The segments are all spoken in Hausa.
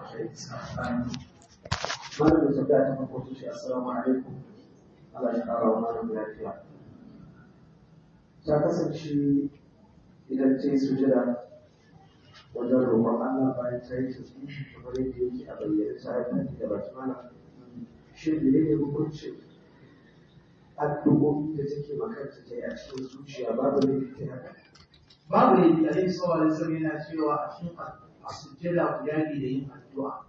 Wannan da tafiya ta farko ce assalamu alaikum wa malam lafiya. Ta kasance idan ta yi wajen roƙon Allah bayan ta yi kamar yadda yake a bayyane ta yi da baki mana shin da ne hukuncin addu'o'i da take makanta ta yi a cikin zuciya babu ne ta haka babu ne da alaihi sallallahu alaihi yana cewa a cikin a sujjada guda biyu da yin addu'a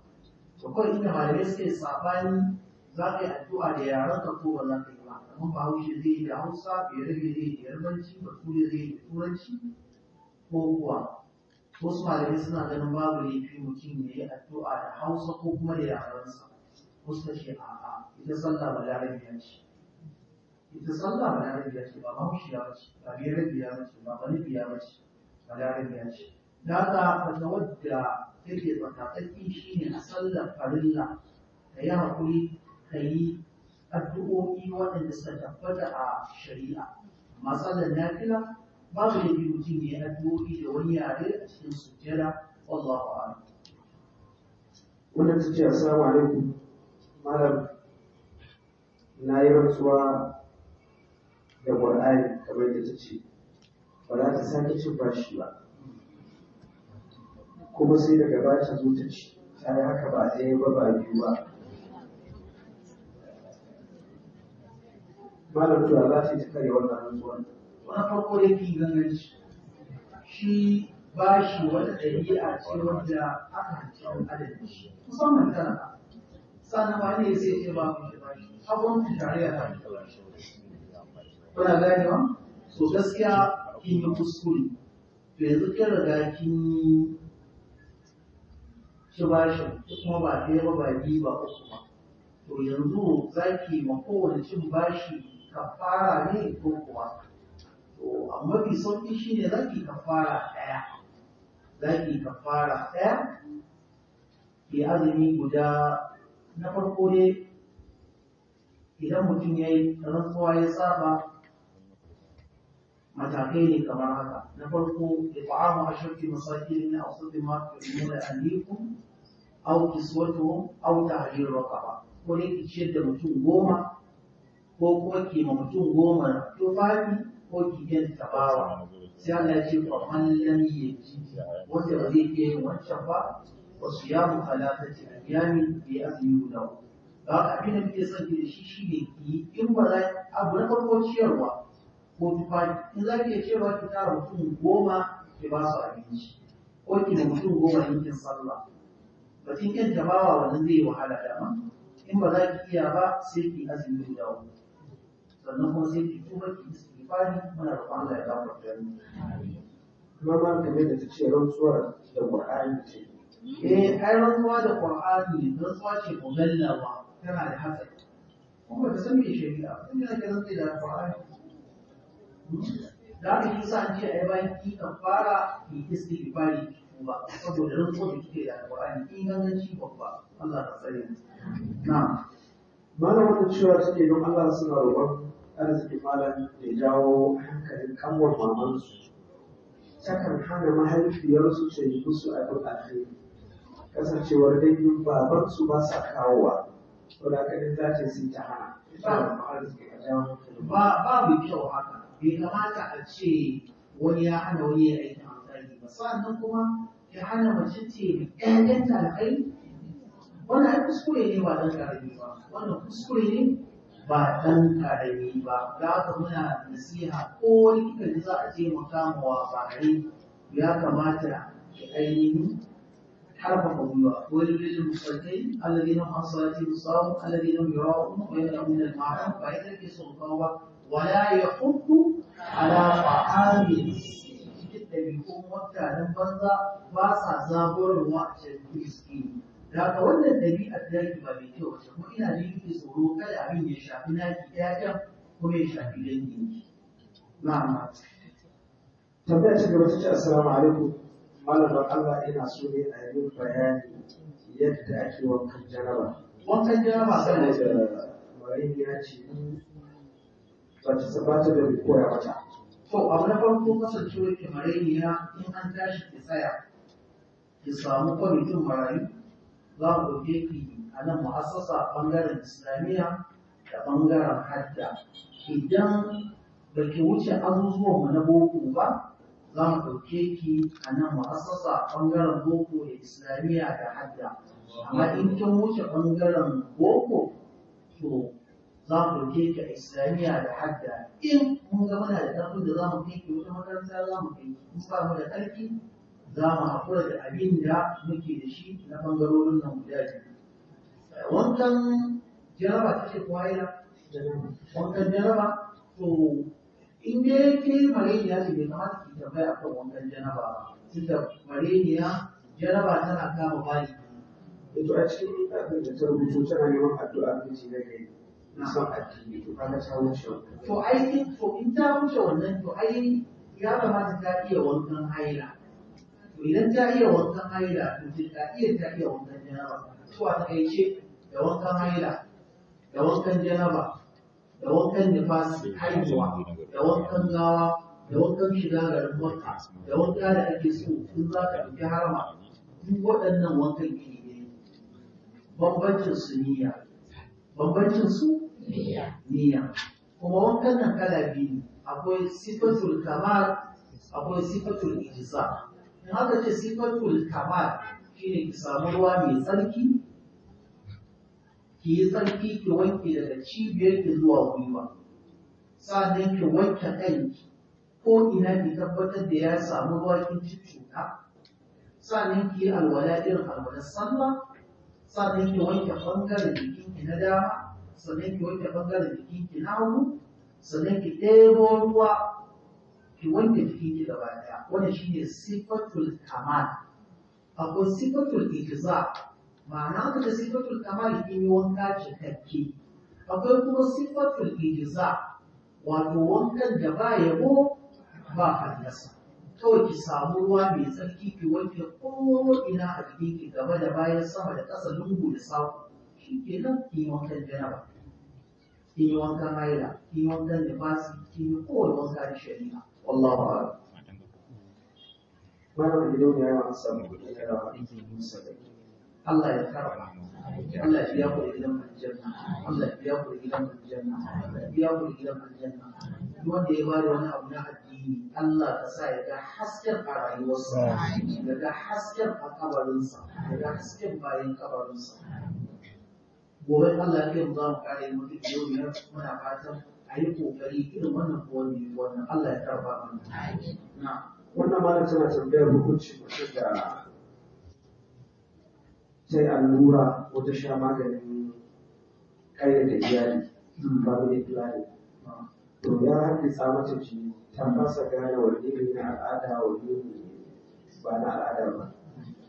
to kawai inda malamai suke sabani za ka yi addu'a da yaran ka ko ba za ka yi ba kamar bahaushe zai yi da hausa bai rage zai yi da yarbanci bature zai yi da turanci ko kuwa wasu malamai suna ganin babu laifi mutum ya yi addu'a da hausa ko kuma da yaransa wasu ta ce a'a ita sallah ba larabiya ce ita sallah ba larabiya ce ba bahaushiya ba ce ba biyar biya ba ce ba balibiya ba ce ba larabiya ce da haka fatawar da take tsakatsaki shine a sallar farilla ka yi haƙuri ka yi addu'o'i waɗanda suka tabbata a shari'a matsalar nafila babu da biyu mutum ya addu'o'i da wani yare a cikin sujjada wallahu a'lam wannan ta ce samu alaikum malam na yi rantsuwa da ƙwar'ani kamar yadda ta ce ba za ta sake cin bashi ba kuma sai daga ba ta zo ta ci sai haka ba ɗaya ba ba biyu ba malam tura za ta kare wannan rantsuwan ba farko da yake ganganci shi shi ba shi wata ɗabi'a ce wanda aka hanci wani adadin shi musamman tana sannan ba ne sai ce ba mu ba shi sabon tarayya ta fi ba shi kuna gane ba so gaskiya kin yi kuskure to yanzu kin riga kin su bashin kuma ba ɗaya yi ba biyu ba uku ba to yanzu za ki ma kowane cin bashi kafara ne ko kuwa to amma mafi sauƙi shine za ki fara ɗaya za ki fara ɗaya ki azumi guda na farko dai idan mutum ya yi rantsuwa ya saba matakai ne kamar haka na farko ya a ashirki masakin na asubi ma tu'minu alikum au kiswatuhum au tahrir raqaba ko ne ki ciyar da mutum goma ko kuma ki ma mutum goma tufafi ko ki yin tabawa sai Allah ya ce fa man lam yaji wanda ba zai iya yin wancan ba wa siyamu thalathati ayyamin bi azmina ba abin da kike son ki da shi shine ki in farko ciyarwa ko tufafi in za ki iya ciyarwa ki tara mutum goma ki ba su abinci ko ki da mutum goma yankin sallah batun yan tabawa wannan zai wahala dama in ba za ki iya ba sai ki azumi guda uku sannan kuma sai ki tuba ki istighfari muna da Allah ya da mu kuma ma kamar da tace rantsuwar da Qur'ani ce eh ai rantsuwa da Qur'ani rantsuwa ce mugallawa tana da hatsari kuma ta san me shari'a in da ke rantsi da Qur'ani hmm? da haka shi sa an ce ai bayan ki kafara ki istighfari ba saboda rantsuwa da suke da alƙur'ani Allah malamin cewa suke suna roƙon arzikin malami mai jawo hankalin kanwar mamansu takan hana mahaifiyarsu ta yi musu abin alheri kasancewar dangin babansu ba sa kawowa wadda ta babu haka bai kamata a ce wani ya hana wani ya ba kuma ya hana mace ce ƴaƴanta alkhairi wannan kuskure ne ba dan ƙarami ba wannan kuskure ne ba dan karami ba da haka muna nasiha ko wani kika za a je mu kamawa ba ya kamata ya ainihin حرفه الله وللرجل المصلين الذين هم عن صلاتهم صاموا الذين هم يراءون ويمنعون المعروف ويترك الصلطان ولا يحض ɗabi'un mutanen banza ba sa zaburarwa a cikin da ka wannan ɗabi'ar da ba mai kyau ba kuma ina jin yake tsoro kada abin ya shafi naki ƴaƴan kuma ya shafi danginki na'am tambaya ta gaba tace assalamu alaikum malam don Allah ina so ne a yi bayani yadda ake wankan jaraba wankan jaraba sai da wani ya ce ba ta sabata da koya mata to a na farko kasancewar ke marainiya in an tashi ki tsaya ki samu kwamitin marayu za mu ɗauke ki a nan muhassasa ɓangaren islamiyya da ɓangaren hadda idan baki wuce azuzuwanmu na boko ba za mu ɗauke ki a nan muhassasa ɓangaren boko da islamiyya da hadda amma in kin wuce ɓangaren boko to za mu ɗauke ka islamiyya da hadda in mun ga muna da ƙarfi da zamu mu wata makaranta zamu mu kai ki in ba mu da ƙarfi za haƙura da abin muke da shi na ɓangarorin nan guda biyu wankan jaraba ta ce kwaira wankan jaraba in dai ke mareniya ce bai kamata ki tambaya akan wankan jaraba ba jaraba tana kama a cikin abin da ta rubuto neman addu'a miji na gari. na son addini to kaga ta wuce to ai in to in ta wuce wannan to ai ya kamata ta iya wankan haila to idan ta iya wankan haila to ta iya ta iya wankan janaba to a takaice da wankan haila da wankan janaba da wankan nifasi haihuwa da wankan gawa da wankan shiga garin mota da wanka da ake so in za ka ɗauki harama duk waɗannan wankan iri ne bambancin su niyya bambancin su niyya kuma wankan nan kala biyu akwai sifatul kamar. akwai sifatul ijza in aka ce sifatul kamar. shine ki samu ruwa mai tsarki ki yi tsarki ki wanke daga cibiyar ki zuwa gwiwa sannan ki wanke kanki ko ina ki tabbatar da ya samu ruwa kin cuta sannan ki yi alwala irin alwalar sallah sannan ki wanke bangaren jikinki na dama sannan ki wanke bangaren jikinki na hagu sannan ki ɗebo ruwa ki wanke jikinki gaba ɗaya shine sifatul kamal akwai sifatul ijza ma'ana ka da sifatul kamal ki yi wanka cikakke akwai kuma sifatul ijza wato wankan da ba yabo ba fallasa kawai ki samu ruwa mai tsarki ki wanke koina ina a jikin gaba da bayan sama da ƙasa lungu da saƙo shi ke nan ki yi wankan janaba ki yi wankan haila ki yi wankan nifasi ki yi kowane wanka da shari'a wallahu Wannan gidan ya yi wasan da ya rawa ɗin musa da Allah ya karba Allah ya biya gidan aljanna Allah ya biya gidan aljanna Allah ya biya gidan aljanna duk wanda ya bada wani abu na addini Allah ka sa ya ga hasken a rayuwarsa ya ga hasken a kabarinsa ya ga hasken bayan kabarinsa gobe Allah ya mu za mu kare mu duk yau biyar muna fatan a yi kokari irin wannan kowanne wannan Allah ya karba mana na wannan ma tana tambayar hukunci mutum da sai allura ko ta sha maganin kayan da iyali family planning to ya haɗe mata jini tambasa gane wani ne na al'ada wani ne ba na al'ada ba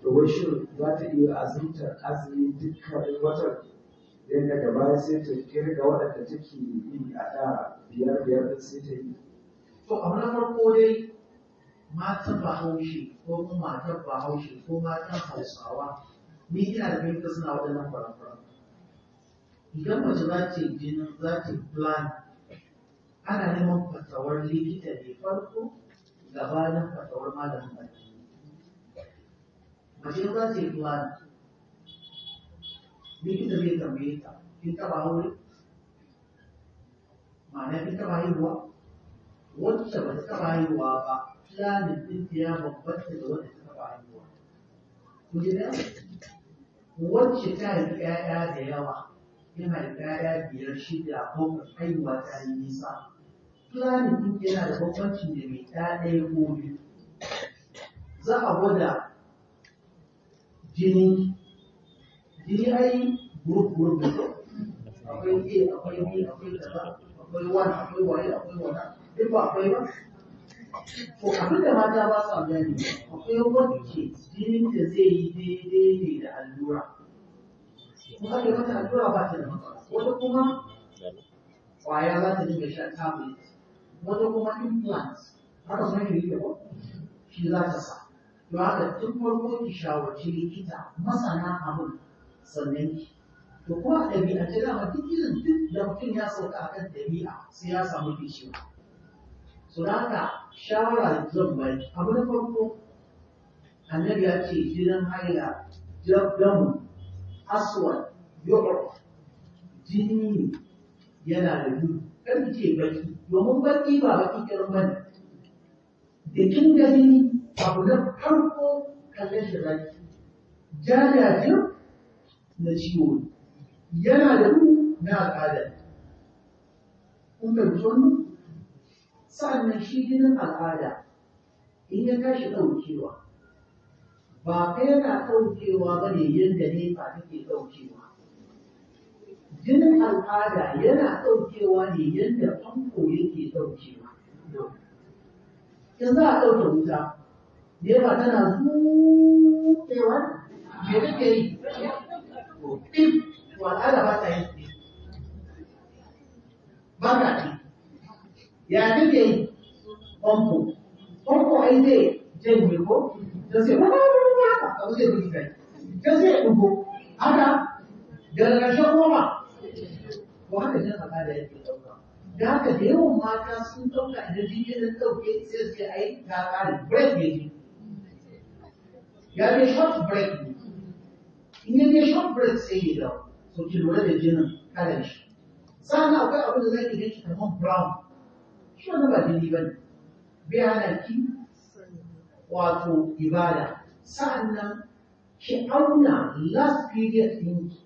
to wai shi za ta iya azumta azumi dukkanin watan yadda da baya sai ta kirga waɗanda take yi a da biyar biyar ɗin sai ta yi to abu na farko dai matan bahaushe ko matan bahaushe ko matan hausawa ni ina da fahimta suna wajen nan idan mace za ta jinin za ta yi plan ana neman fatawar likita ne farko gabanin fatawar malamin baki mace za ta yi plan likita zai tambaye ta kin taba aure ma'ana kin taba haihuwa wacce ba ta taba haihuwa ba planin ɗinta ya bambanta da wanda ta taba haihuwa. Ku Kuji ɗaya? wacce ta yi ƴaƴa da yawa yana da ƴaƴa biyar shida bakwai haihuwa ta yi nisa planning duk yana da bambanci da mai ɗaya ko biyu za a gwada jini jini ai group group ne akwai a akwai b akwai gaba, akwai wani, akwai waye akwai wani in ba akwai ba To abin da mata ba sa gane akwai wacce jininta zai yi daidai ne da allura. Kuma ake mata allura ba ta da matsala. Wata kuma kwaya za ta dinga sha tablet. Wata kuma implant. Haka sun yi da Shi za ta sa. To haka tun farko ki shawarci likita masana abin sannan ki. To kuma a ɗabi'a ce dama duk duk da mutum ya sauka a kan ɗabi'a sai ya samu kishiwa. su haka shawara zan bari abu na farko annabi ya ce jinin haila jabdamu aswad yu'raf jini yana da duhu kan ce baki domin baki ba baki kirin bane da kin gani abu na farko kallon shi zaki jajajen na ciwo yana da duhu na al'ada. kun fahimci sannan shi jinin al'ada in ya tashi ɗaukewa ba kai yana ɗaukewa ba ne yadda ne ba take ɗaukewa jinin al'ada yana ɗaukewa ne yadda famfo yake ɗaukewa in za a ɗauke wuta Nefa tana zuƙewa, me take yi? Ɗin, to al'ada ya kake famfo famfo ai zai janye ko da sai wani wani haka abu zai bugi kai da sai ya haka daga ƙarshen goma ko haka jan haka da yake ɗauka da haka da yawan mata sun ɗauka idan jini na ɗauke sai su ce ai ta ƙare break ne ya ce short break ne in yi ce short break sai ya dawo so ki lura da jinin kalan shi sannan akwai abin da zai ki ganshi kamar brown shi wannan ba daidai ba ne bai wato ibada sa'annan ki auna last period ki.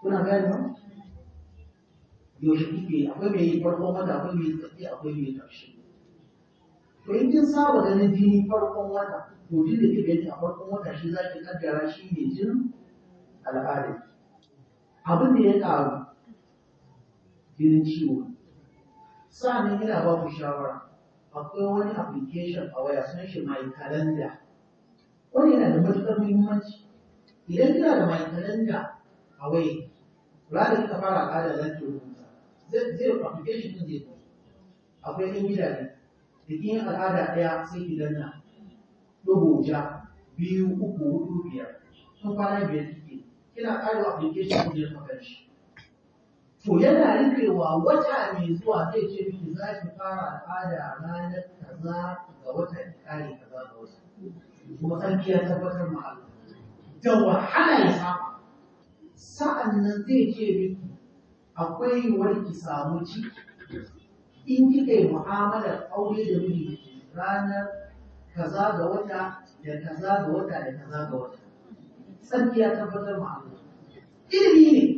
kuna gani ba yaushe kuke akwai mai yi farkon wata akwai mai tsakiya akwai mai ƙarshe to in kin saba ganin jini farkon wata to jin da kika yi a farkon wata shi za ki kaddara shi ne jin al'ada abin da ya ƙaru jinin ciwo sa'annan yana ba ku shawara akwai wani application a waya sun shi my calendar wani yana da matuƙar muhimmanci idan kina da my calendar a waya da kika fara al'ada za ki zai zai application din zai zo akwai ɗan gidaje da kin al'ada ɗaya sai ki danna dogo ja biyu uku hudu biyar sun kwana biyar kike kina ƙara application din ya maka shi to yana rufewa wata mai zuwa zai ce miki za ki fara al'ada ranar kaza ga wata ki kare kaza ga wata kuma sarki ya tabbatar ma Allah da wahala ya saba sa'an nan zai ce miki akwai wani ki samu ciki in kika yi mu'amalar aure da miji ranar kaza ga wata da kaza ga wata da kaza ga wata sarki ya tabbatar ma Allah ilimi ne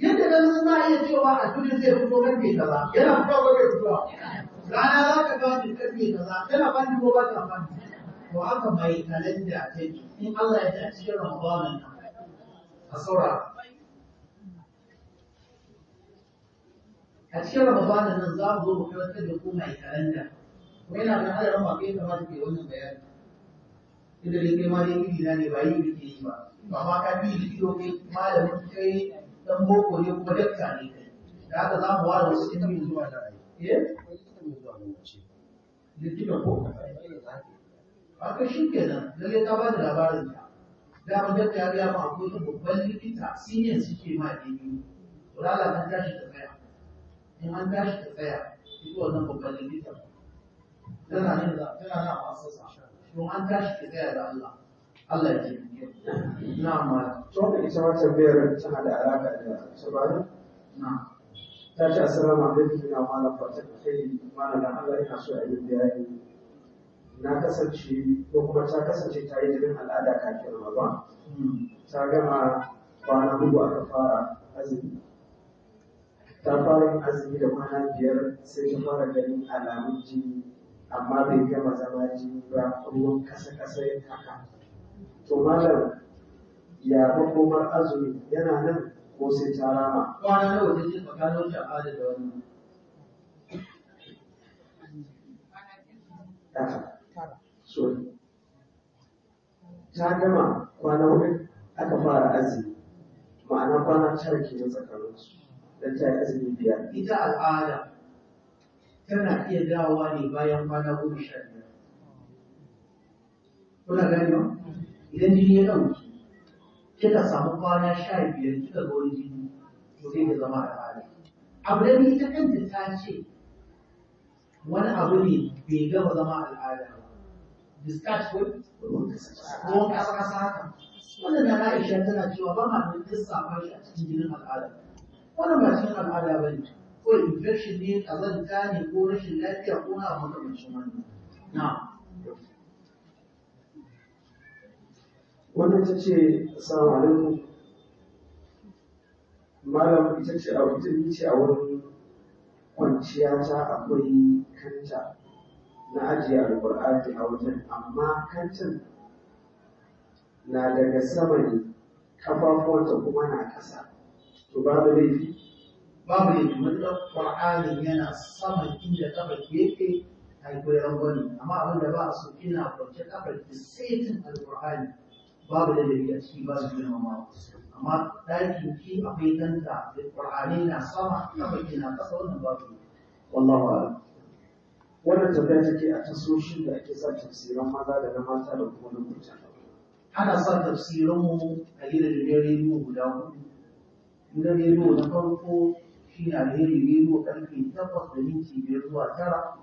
yadda nan suna iya cewa a tuni zai fito karfe kaza yana fito ko bai fito rana za ka ni karfe kaza yana fadi ko ba ta fadi to haka mai kalanda ta yi in Allah ya ta cikin Ramadan nan a saura a cikin Ramadan nan za mu zo mu karantar da ku mai kalanda ko yana da hadarin ba kai kamar ke wannan bayani idan kai ma dai gidi na ne ba yi yi ba ba ma ka bi gidi ko kai malamin kai dan boko ne kuma dakta ne kai da haka za mu ware wasu ita mu zuwa da ai eh? likita ko haka shi kenan lalle ta ba da labarin ta da mu dakta ya ga mu akwai babban likita senior suke ma dini to lala kan tashi ta tsaya in an tashi ta tsaya ita wannan babban likita tana nan tana nan sa, masasa don an tashi ta tsaya da Allah Allah ya ji na ma to da ita wata bayar tana da alaka da sabani na ta ce assalamu alaikum ina malam fatan kai malam Allah ina so a yi na kasance ko kuma ta kasance ta yi jirin al'ada kafin Ramadan hmm. ta gama kwana hudu aka fara azumi ta fara azumi da kwana biyar sai ta fara ganin alamun jini amma bai gama zama jini ba ruwan kasa-kasa ya haka to malam ya makomar azumi yana nan ko sai ta rama kwana nawa ta ce tsakanin sha'ada da wannan sorry ta gama kwana hudu aka fara azumi ma'ana kwana tara ke na su don ta yi azumi biyar ita al'ada tana iya dawowa ne bayan kwana goma sha biyar kuna gani ba idan jini ya ɗauki kika samu kwana sha biyar kika ga wani jini to zai ya zama al'ada abu da ita kanta ta ce wani abu ne bai gama zama al'ada ba discharge ko ruwan kasa kasa haka wannan na Aisha tana cewa ba ma da lissafa shi a cikin jinin al'ada wannan ba cikin al'ada ba ne ko infection ne kazanta ne ko rashin lafiya ko na abu makamancin wani. na'am wannan ta ce samarin malam ita ce a wajen ce a wurin kwanciya ta akwai kanta na ajiye alƙur'ani a wajen amma kantin na daga sama ne kafafuwanta kuma na ƙasa to babu laifi babu laifi matuƙar ƙur'anin yana saman inda ƙafar yake a yi amma abin da ba a so ina kwance ƙafar da saitin alƙur'ani babu da a ciki ba su girmamawa amma ɗaki ki akwai ɗanta da ƙur'ani na sama na baki na ƙasa wannan babu wallahu a'lam wannan tambaya ke a tasoshin da ake sa tafsiran maza da na mata da kuma na ana sa tafsirin mu a gida da ne rediyo guda hudu na rediyo na farko shi ne alheri rediyo karfe takwas da minti biyar zuwa tara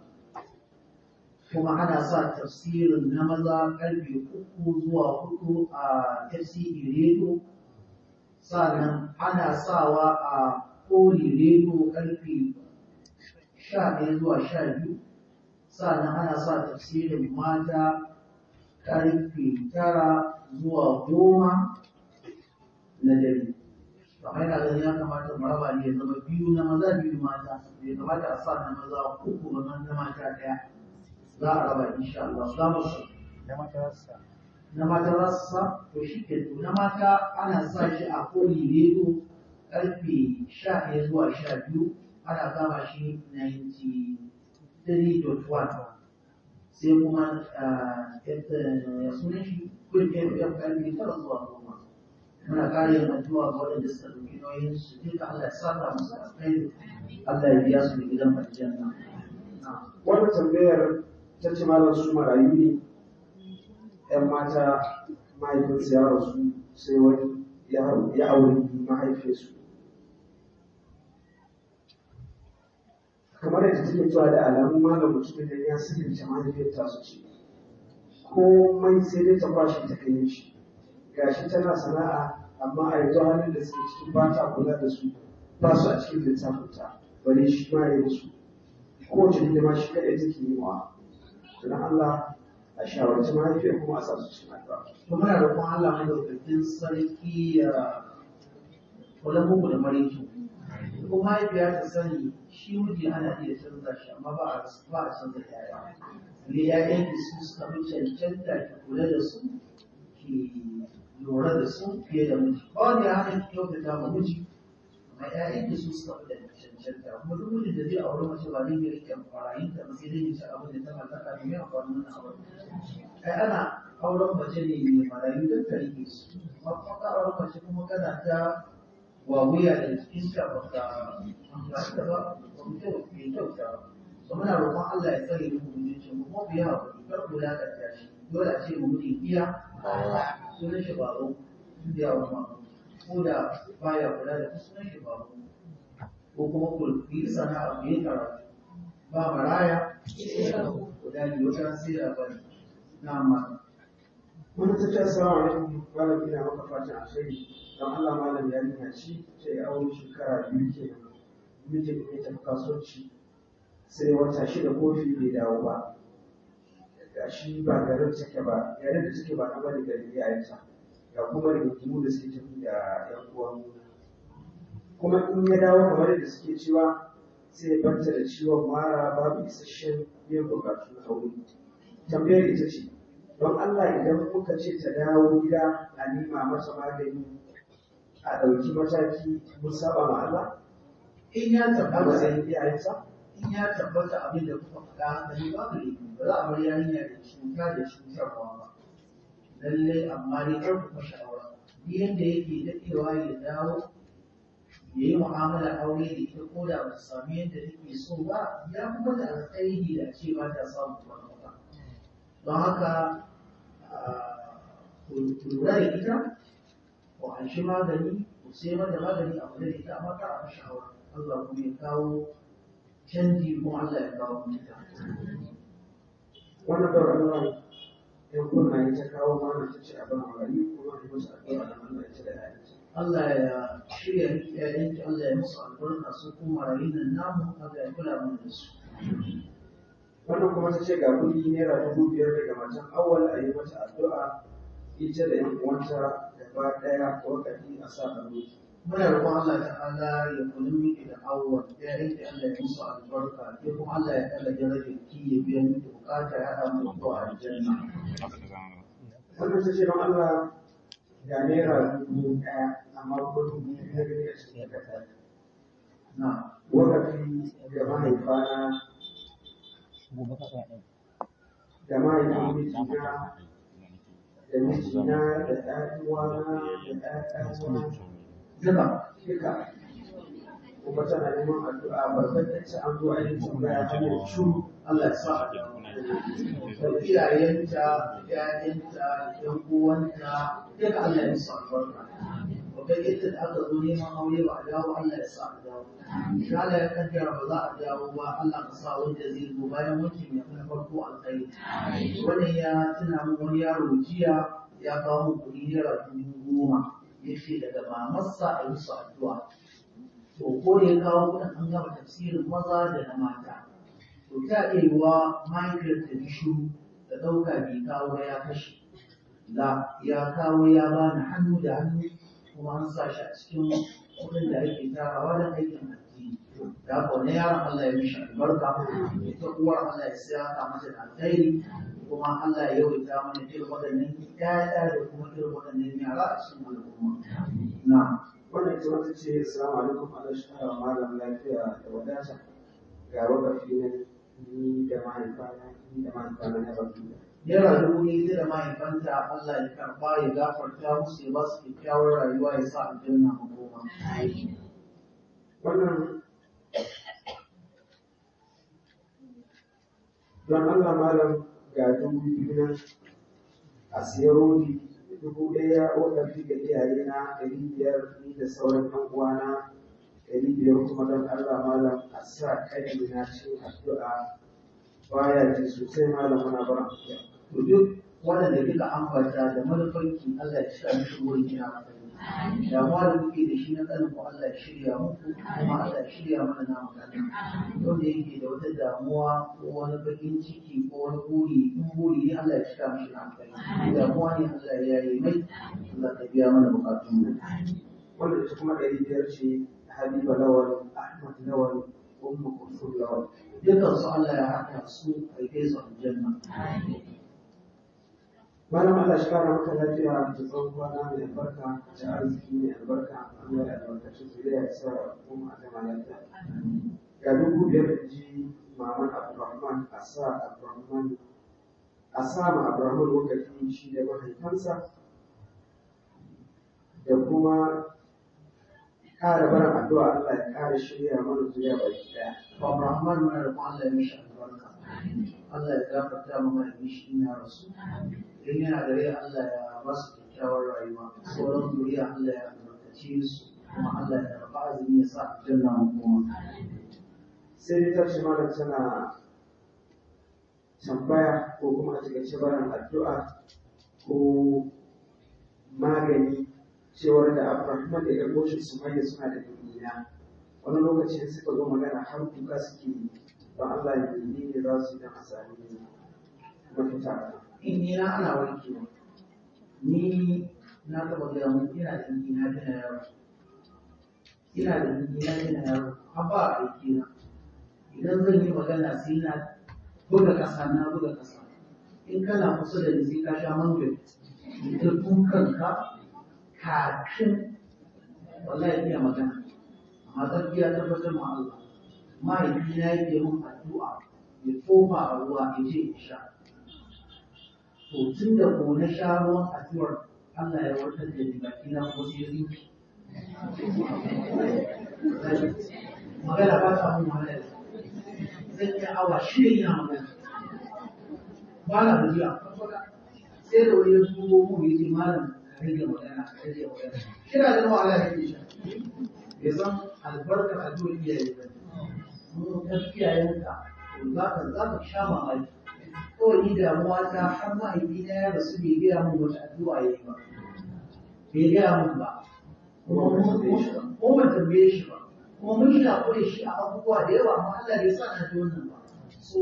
kuma ana sa tafsirin na maza karfe uku zuwa hudu a tafsiri e redo sannan ana sawa a koli redo karfe sha ɗaya zuwa sha biyu sannan ana sa tafsirin mata ƙarfe tara zuwa goma na dare kamar yana ganin ya kamata maraba ne ya zama biyu na maza biyu mata ya kamata a sa na maza uku na mata ɗaya za a raba insha Allah salamu na matarasa na matarasa to shi ke na mata ana sa shi a koli redo karfe sha ɗaya zuwa sha biyu ana kama shi 93.1 sai kuma ya sunan shi kun fm karfe tara zuwa goma muna ƙarin addu'a ga waɗanda suka ɗauki nauyin su duka Allah ya saka musu alkhairi Allah ya biya su da gidan aljanna wannan tambayar ta ce malam su marayu ne ‘yan mata mahaifinsa ya rasu sai wani ya auri su kamar yadda take zuwa da alamun malam mutum da ya sani ta mahaifin ta su ce komai sai dai ta ta kai shi gashi tana sana'a amma a yanzu halin da suke cikin ba ta kula da su ba su a cikin littafin ta bare shi ma ya musu kowace ma shi kaɗai take yi wa don Allah a shawarci mahaifiyar kuma a sasu cikin addu'a kuma muna kuma Allah mai daukakin sarki ya kula bugu da mariki kuma mahaifiya ta sani shi miji ana iya canza shi amma ba a ba a canza yaya ne yayan ki su suka fi cancanta ki kula da su ki lura da su fiye da miji ba wanda ya hana ki kyautata ma miji amma yayan ki su suka fi da cancanta kuma duk da zai aure mace ba zai rike amfani da ba sai dai ya abin da ta mallaka ne mai amfani wannan aure ai ana auren mace ne mai marayu don ta rike su amma kuma ka auren mace kuma kana ta wawuya da iska ba ka amfani ba ba mu ba roƙon Allah ya tsare mu mutuncin mu kuma biya wa kar ku lakanta shi dole ce mu mutum iya sunan shi baro biya wa ko da baya kula da sunan ko kuma ku yi sana'a ku yi karatu ba maraya ku dani wata sai a bari na ma. wani ta ce assalamu alaikum malam ina maka a alheri don Allah malam ya nuna shi ta yi awon shekara biyu ke mijin ta tafi kasuwanci sai wata shi da kofi bai dawo ba ga shi ba garin take ba garin da take ba na bari gari ya yi ta ga kuma rigingimu da suke tafi da yan uwan kuma in ya dawo kamar da suke cewa sai ya banta da ciwon mara babu isasshen biyan bukatu na aure tambayar ita ce don Allah idan kuka ce ta dawo gida a nima masa magani a ɗauki mataki mun saba ma Allah in ya tabbata sai iyayensa in ya tabbata abin da kuka faɗa da ni ba da ba za a bar yarinya da cuta da cutarwa ba lallai amma ne ɗan kuma shawara yadda yake daɗewa ya dawo Yayi yi mu'amala aure da ita ko da ba ta samu yadda take so ba ya kuma da alkhairi da ce ba ta samu wani ba don haka ah, ku lura da ita ku anshi magani ku sai mata magani a kula da ita amma kar a mashi hawa Allah kuma ya kawo canji kuma Allah ya kawo mutita wannan ba wannan yan kunna ya ta kawo mana ta ce abin a gari kuma ya musu addu'a da Allah ya ce da Allah ya shirya yayin Allah ya musu albarka su kuma rayuwar nan namu Allah ya kula mu da su wannan kuma ta ce ga kuɗi naira dubu biyar daga matan awal a yi mata addu'a ita da yin uwanta gaba ɗaya wakati a sa hannu muna roƙon Allah ya kula miki da awal ya yi Allah ya musu albarka ya kuma Allah ya kalla darajar ki ya biya miki bukata ya haɗa mu da aljanna wannan ta ce don Allah ga naira dubu ɗaya amma kullum ne ya rike da mahaifana da mijina da mijina da ɗanuwana da tana neman addu'a babban da ta an zo Allah ya sa addu'a ‘ya'yanta, ‘yan Allah ya sa albarka. akwai yadda da aka zo neman aure ba a dawo Allah ya sa a dawo in Allah ba za a dawo ba Allah ka sa wanda zai zo bayan wanki mai na farko alkhairi wannan ya tuna min wani yaro jiya ya kawo min kuɗi naira dubu goma ya ce daga mamarsa a yi su addu'a to ko da ya kawo kuɗin an gama tafsirin maza da na mata to ta iya mahaifiyar ta ji da ɗauka bai kawo ya kashe la ya kawo ya bani hannu da hannu kuma an shi a cikin kuɗin da ake tarawa da aikin addini da haka wani yaron Allah ya mishi albarka ita uwar Allah ya kuma Allah ya yawaita mana irin waɗannan da kuma irin waɗannan yara a cikin al'umma na wannan ita wata ce assalamu alaikum ga da da ya rayu ne da mahaifanta Allah ya karba ya gafarta musu ya ba su kyakkyawar rayuwa ya sa aljanna makoma. Wannan don Allah malam ga dubu biyu na a siyarori dubu ɗaya waɗanda ga iyaye na ɗari biyar ni da sauran ɗan uwana ɗari biyar kuma don Allah malam a sa kai na cikin addu'a baya ji sosai malam muna bara. to duk waɗanda kika ambata da manufarki Allah ya sa mishi wurin kina matsayi damuwa da kuke da shi na tsanin ku Allah ya shirya muku kuma Allah ya shirya mana na magana wanda yake da wata damuwa ko wani bakin ciki ko wani buri in buri ne Allah ya cika mishi hankali damuwa ne Allah ya yi mai Allah ka biya mana bukatun mu wanda ita kuma ɗari biyar ce Habiba Lawal Ahmad Lawal Ummu Kulsum Lawal dukkan su Allah ya haɗa su a gaisu aljanna Malam Allah shi kara maka lafiya da tsawon kwana mai albarka da arziki mai albarka Allah da albarkaci zuriya ya sa kuma a zama lafiya. Ga dubu biyar ji Maman Abdulrahman Asa Abdulrahman Asa ma Abdulrahman wakati shi da mahaifansa da kuma kare barin addu'a Allah ya kare shirya mana zuriya baki daya. Abdulrahman mai rabon Allah ya mishi albarka. Allah ya gafarta mu mai mishi na rasu idan yana da rai Allah ya basu kyakkyawar rayuwa sauran duniya Allah ya albarkace su kuma Allah ya karɓa azumi ya sa janna mu kuma sai ta tashi malam tana tambaya ko kuma a cikin bayan addu'a ko magani cewar da Abrahman da Yagoshin Sumayya suna da duniya wani lokacin suka zo magana har duka suke don Allah ya yi ne za su yi a mafita in ni na ana warkewa ni na taɓa gaya mun ina da ni na gina yaro ina da ni na gina yaro an ba a aiki na idan zan yi magana sai na buga ƙasa na buga ƙasa in kana kusa da ni sai ka sha mangari da kanka kafin wallahi iya magana amma gaskiya tabbatar ma Allah mahaifina yake mun addu'a ya tofa a ruwa ya ce in sha to tun da ko na sha ruwan addu'ar Allah ya warkar da ni baki na ko sai rinki magana ba ta mun wahala zan yi awa shi ne ina magana ba na gajiya sai da wani zuwa mu ya ce malam rage magana rage magana kina da wahala ya ke sha ya san albarkar addu'ar iyaye ba na iyayenka za ka za ka sha mamaki ni ta har mahaifina ya rasu bai gaya min wata addu'a ya yi ba bai gaya min ba ko ban tambaye shi ba kuma mun shi a abubuwa da yawa amma Allah bai sa na ji wannan ba so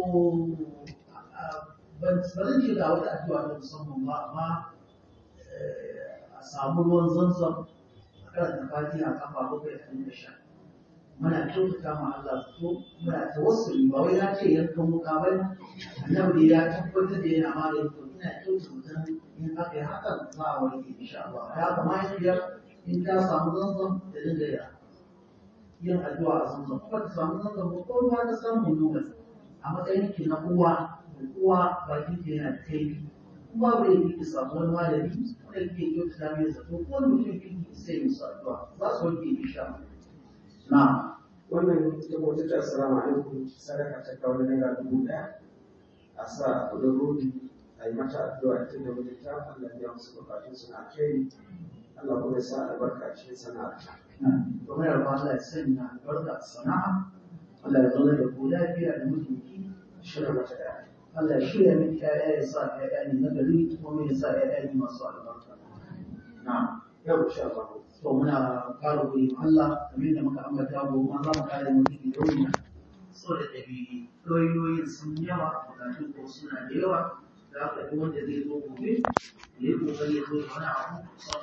ban ga wata addu'a ta musamman ba amma eh, a samu ruwan zanzan a karanta fatiha kafa bakwai a kan sha muna kyautata ma Allah so muna tawassuli ba wai na ce yanka muka ba ne annabi ya tabbatar da yana magani to ina kyautata in aka yi haka za a warke insha Allah ya kamata ya in ta samu zanzan da dinga ya yin addu'a a zanzan kuma ta samu zanzan ba ko ba ta samu lokaci a matsayin ki na uwa uwa ba ki yana da kai kuma bai yi ki samu wani malami wanda ke kyautata mai zato ko mutum ki sai musu addu'a ba su warke insha Allah wannan ita ko ta assalamu alaikum sadaka ta kawo naira dubu daya a sa a kudin rodi a yi mata addu'a ita da mijinta Allah ya musu bukatun suna alheri Allah kuma ya sa albarka cikin sana'a kuma yarda Allah ya sanya albarka a sana'a Allah ya zama da guda lafiya da mutunci shirya mata da Allah ya shirya min ƴaƴa ya sa ƴaƴa ne na gari kuma ya sa ƴaƴa ne masu albarka na'am yau insha Allah to muna fara gode Allah kamar da muka ambata ba ma za mu kare mu cikin yawan so da dabi'i doyoyin sun yawa bukatun ko suna da yawa za ka wanda zai zo gobe ya yi kokari zo da wani abu